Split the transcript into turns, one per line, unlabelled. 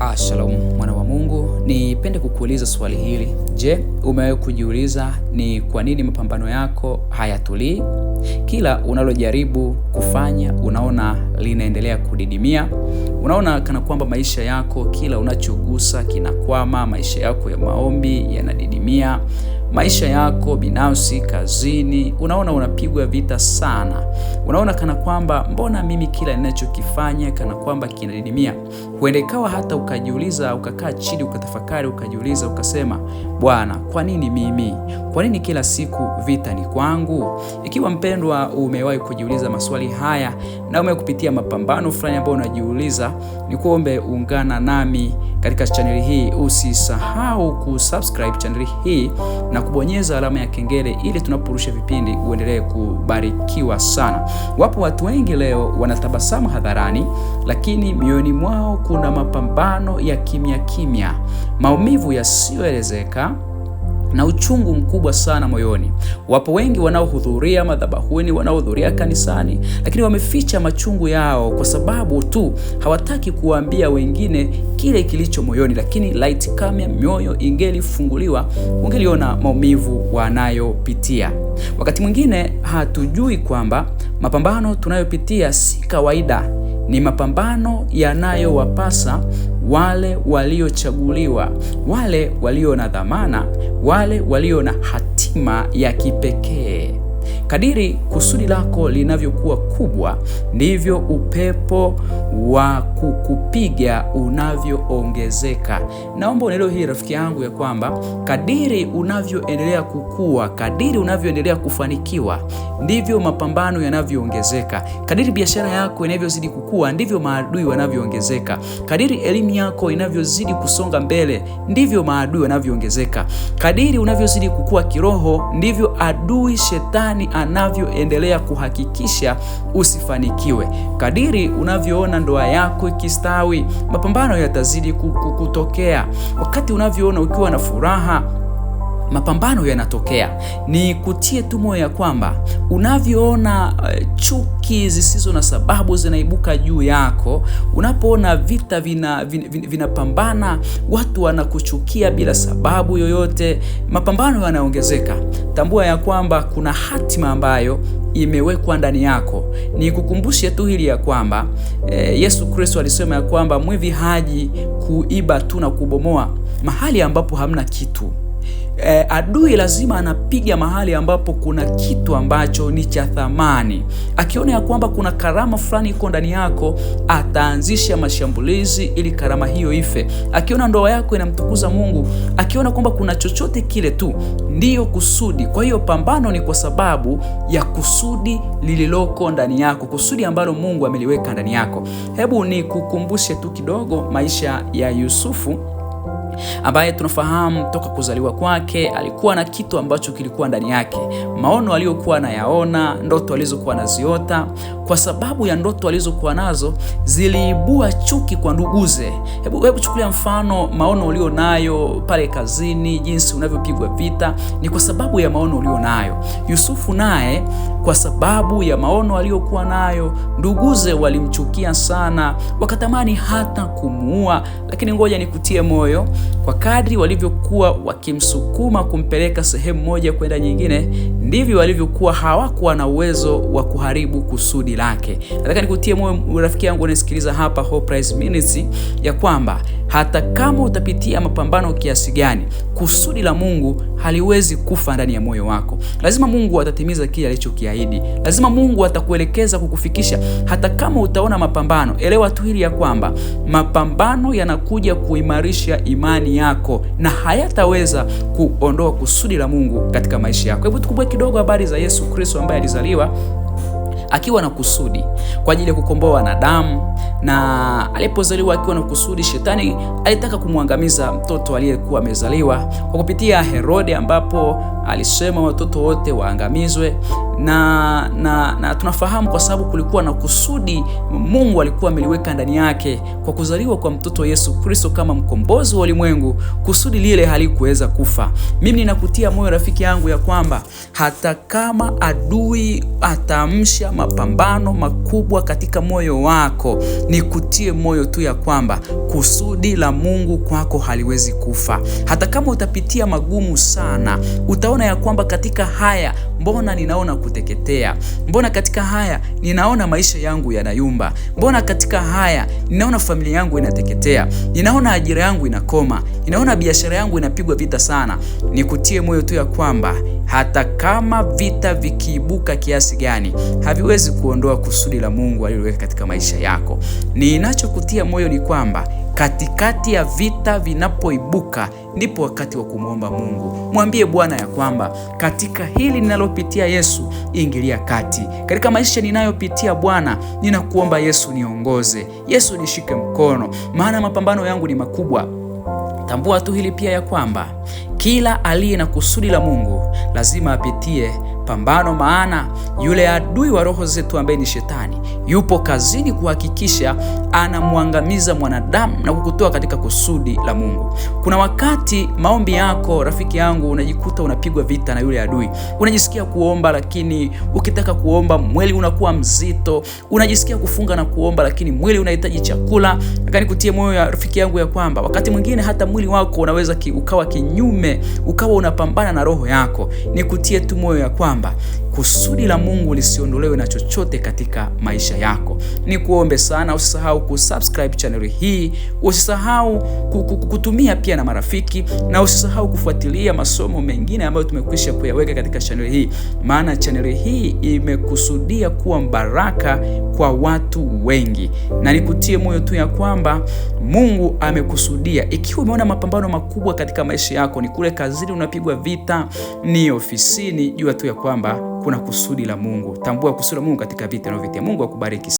Ah, shalom mwana wa Mungu, nipende kukuuliza swali hili. Je, umewahi kujiuliza ni kwa nini mapambano yako hayatulii? Kila unalojaribu kufanya unaona linaendelea kudidimia, unaona kana kwamba maisha yako, kila unachogusa kinakwama, maisha yako ya maombi yanadidimia maisha yako binafsi, kazini, unaona unapigwa vita sana. Unaona kana kwamba mbona mimi kila ninachokifanya kana kwamba kinadidimia. Huenda ikawa hata ukajiuliza, ukakaa chini, ukatafakari, ukajiuliza, ukasema, Bwana, kwa nini mimi? Kwa nini kila siku vita ni kwangu? Ikiwa mpendwa, umewahi kujiuliza maswali haya na umekupitia mapambano fulani ambayo unajiuliza, ni kuombe ungana nami katika chaneli hii. Usisahau kusubscribe chaneli hii na na kubonyeza alama ya kengele ili tunaporusha vipindi uendelee kubarikiwa sana. Wapo watu wengi leo wanatabasamu hadharani, lakini mioyoni mwao kuna mapambano ya kimya kimya, maumivu yasiyoelezeka na uchungu mkubwa sana moyoni. Wapo wengi wanaohudhuria madhabahuni, wanaohudhuria kanisani, lakini wameficha machungu yao kwa sababu tu hawataki kuwaambia wengine kile kilicho moyoni. Lakini laiti kama mioyo ingelifunguliwa, ungeliona maumivu wanayopitia. Wakati mwingine hatujui kwamba mapambano tunayopitia si kawaida, ni mapambano yanayowapasa wale waliochaguliwa, wale walio na dhamana, wale walio na hatima ya kipekee. Kadiri kusudi lako linavyokuwa kubwa, ndivyo upepo wa kukupiga unavyoongezeka. Naomba unaelewe hili rafiki yangu, ya kwamba kadiri unavyoendelea kukua, kadiri unavyoendelea kufanikiwa, ndivyo mapambano yanavyoongezeka. Kadiri biashara yako inavyozidi kukua, ndivyo maadui wanavyoongezeka. Kadiri elimu yako inavyozidi kusonga mbele, ndivyo maadui wanavyoongezeka. Kadiri unavyozidi kukua kiroho, ndivyo adui shetani gani anavyoendelea kuhakikisha usifanikiwe. Kadiri unavyoona ndoa yako ikistawi, mapambano yatazidi kutokea. Wakati unavyoona ukiwa na furaha mapambano yanatokea. Ni kutie tu moyo ya kwamba unavyoona uh, chuki dhiki zisizo na sababu zinaibuka juu yako, unapoona vita vinapambana, vina, vina watu wanakuchukia bila sababu yoyote, mapambano yanaongezeka. Tambua ya kwamba kuna hatima ambayo imewekwa ndani yako. Ni kukumbushe tu hili ya kwamba e, Yesu Kristo alisema ya kwamba mwivi haji kuiba tu na kubomoa mahali ambapo hamna kitu eh, adui lazima anapiga mahali ambapo kuna kitu ambacho ni cha thamani. Akiona ya kwamba kuna karama fulani iko ndani yako, ataanzisha mashambulizi ili karama hiyo ife. Akiona ndoa yako inamtukuza Mungu, akiona kwamba kuna chochote kile tu, ndiyo kusudi. Kwa hiyo pambano ni kwa sababu ya kusudi lililoko ndani yako, kusudi ambalo Mungu ameliweka ndani yako. Hebu ni kukumbushe tu kidogo maisha ya Yusufu ambaye tunafahamu toka kuzaliwa kwake alikuwa na kitu ambacho kilikuwa ndani yake, maono aliyokuwa anayaona, ndoto alizokuwa anaziota. Kwa sababu ya ndoto alizokuwa nazo ziliibua chuki kwa nduguze. Hebu, hebu chukulia mfano maono ulionayo pale kazini, jinsi unavyopigwa vita, ni kwa sababu ya maono ulionayo. Yusufu naye kwa sababu ya maono aliyokuwa nayo, nduguze walimchukia sana, wakatamani hata kumuua. Lakini ngoja nikutie moyo kwa kadri walivyokuwa wakimsukuma kumpeleka sehemu moja kwenda nyingine, ndivyo walivyokuwa hawakuwa na uwezo wa kuharibu kusudi lake. Nataka nikutie moyo rafiki yangu unasikiliza hapa Hope Rise Ministry, ya kwamba hata kama utapitia mapambano kiasi gani, kusudi la Mungu haliwezi kufa ndani ya moyo wako. Lazima Mungu atatimiza kile alichokiahidi, lazima Mungu atakuelekeza kukufikisha. Hata kama utaona mapambano, elewa tu hili ya kwamba mapambano yanakuja kuimarisha imani yako na hayataweza kuondoa kusudi la Mungu katika maisha yako. Hebu tukubweke kidogo habari za Yesu Kristo ambaye alizaliwa akiwa na kusudi kwa ajili ya kukomboa wanadamu, na alipozaliwa akiwa na kusudi, shetani alitaka kumwangamiza mtoto aliyekuwa amezaliwa kwa kupitia Herode, ambapo alisema watoto wote waangamizwe na, na, na tunafahamu kwa sababu kulikuwa na kusudi Mungu alikuwa ameliweka ndani yake kwa kuzaliwa kwa mtoto Yesu Kristo kama mkombozi wa ulimwengu. Kusudi lile halikuweza kufa. Mimi ninakutia moyo rafiki yangu ya kwamba hata kama adui ataamsha mapambano makubwa katika moyo wako, nikutie moyo tu ya kwamba kusudi la Mungu kwako haliwezi kufa. Hata kama utapitia magumu sana, utaona unaona ya kwamba katika haya mbona ninaona kuteketea, mbona katika haya ninaona maisha yangu yanayumba, mbona katika haya ninaona familia yangu inateketea, ninaona ajira yangu inakoma, ninaona biashara yangu inapigwa vita sana, nikutie moyo tu ya kwamba hata kama vita vikiibuka kiasi gani haviwezi kuondoa kusudi la Mungu aliloweka katika maisha yako. Ninachokutia moyo ni kwamba Katikati ya vita vinapoibuka, ndipo wakati wa kumwomba Mungu. Mwambie Bwana ya kwamba katika hili ninalopitia, Yesu ingilia kati. Katika maisha ninayopitia, Bwana, ninakuomba Yesu niongoze, Yesu nishike mkono, maana mapambano yangu ni makubwa. Tambua tu hili pia ya kwamba kila aliye na kusudi la Mungu lazima apitie mapambano, maana yule adui wa roho zetu ambaye ni Shetani yupo kazini kuhakikisha anamwangamiza mwanadamu na kukutoa katika kusudi la Mungu. Kuna wakati maombi yako rafiki yangu, unajikuta unapigwa vita na yule adui. Unajisikia kuomba, lakini ukitaka kuomba mwili unakuwa mzito. Unajisikia kufunga na kuomba, lakini mwili unahitaji chakula. Nataka nikutie moyo ya rafiki yangu ya kwamba wakati mwingine hata mwili wako unaweza ki, ukawa kinyume, ukawa unapambana na roho yako. Nikutie tu moyo ya kwamba 吧。kusudi la Mungu lisiondolewe na chochote katika maisha yako. Ni kuombe sana, usisahau kusubscribe channel hii, usisahau kutumia pia na marafiki, na usisahau kufuatilia masomo mengine ambayo tumekwisha kuyaweka katika channel hii, maana channel hii imekusudia kuwa baraka kwa watu wengi, na nikutie moyo tu ya kwamba Mungu amekusudia. Ikiwa umeona mapambano makubwa katika maisha yako, ni kule kazini unapigwa vita, ni ofisini, jua tu ya kwamba kuna kusudi la Mungu. Tambua kusudi la Mungu katika vita unavyovitia. Mungu akubariki.